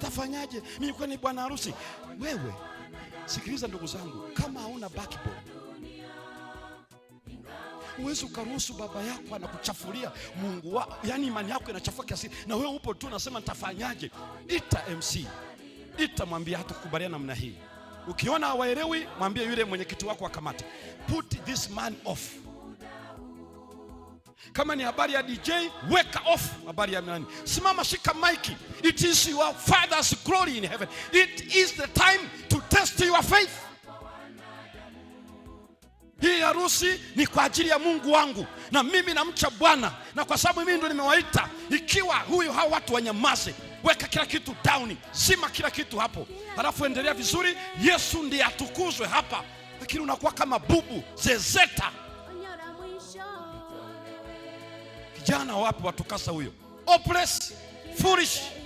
nitafanyaje? Mimi ni bwana harusi? Wewe sikiliza, ndugu zangu, kama hauna backbone huwezi ukaruhusu baba yako anakuchafulia Mungu wa, yani imani yako inachafua kiasi, na wewe upo tu unasema nitafanyaje. Ita MC, ita mwambie, hatukubaliana namna hii. Ukiona hawaelewi, mwambie yule mwenyekiti wako wa put this man off kama ni habari ya DJ weka off habari ya nani, simama, shika maiki. It is your father's glory in heaven. It is the time to test your faith. Hii harusi ni kwa ajili ya Mungu wangu, na mimi namcha Bwana, na kwa sababu mimi ndo nimewaita. Ikiwa huyu hao watu wanyamaze, weka kila kitu down, zima kila kitu hapo, halafu endelea vizuri. Yesu ndiye atukuzwe hapa, lakini unakuwa kama bubu zezeta. Kijana wapi watukasa huyo? Hopeless, foolish.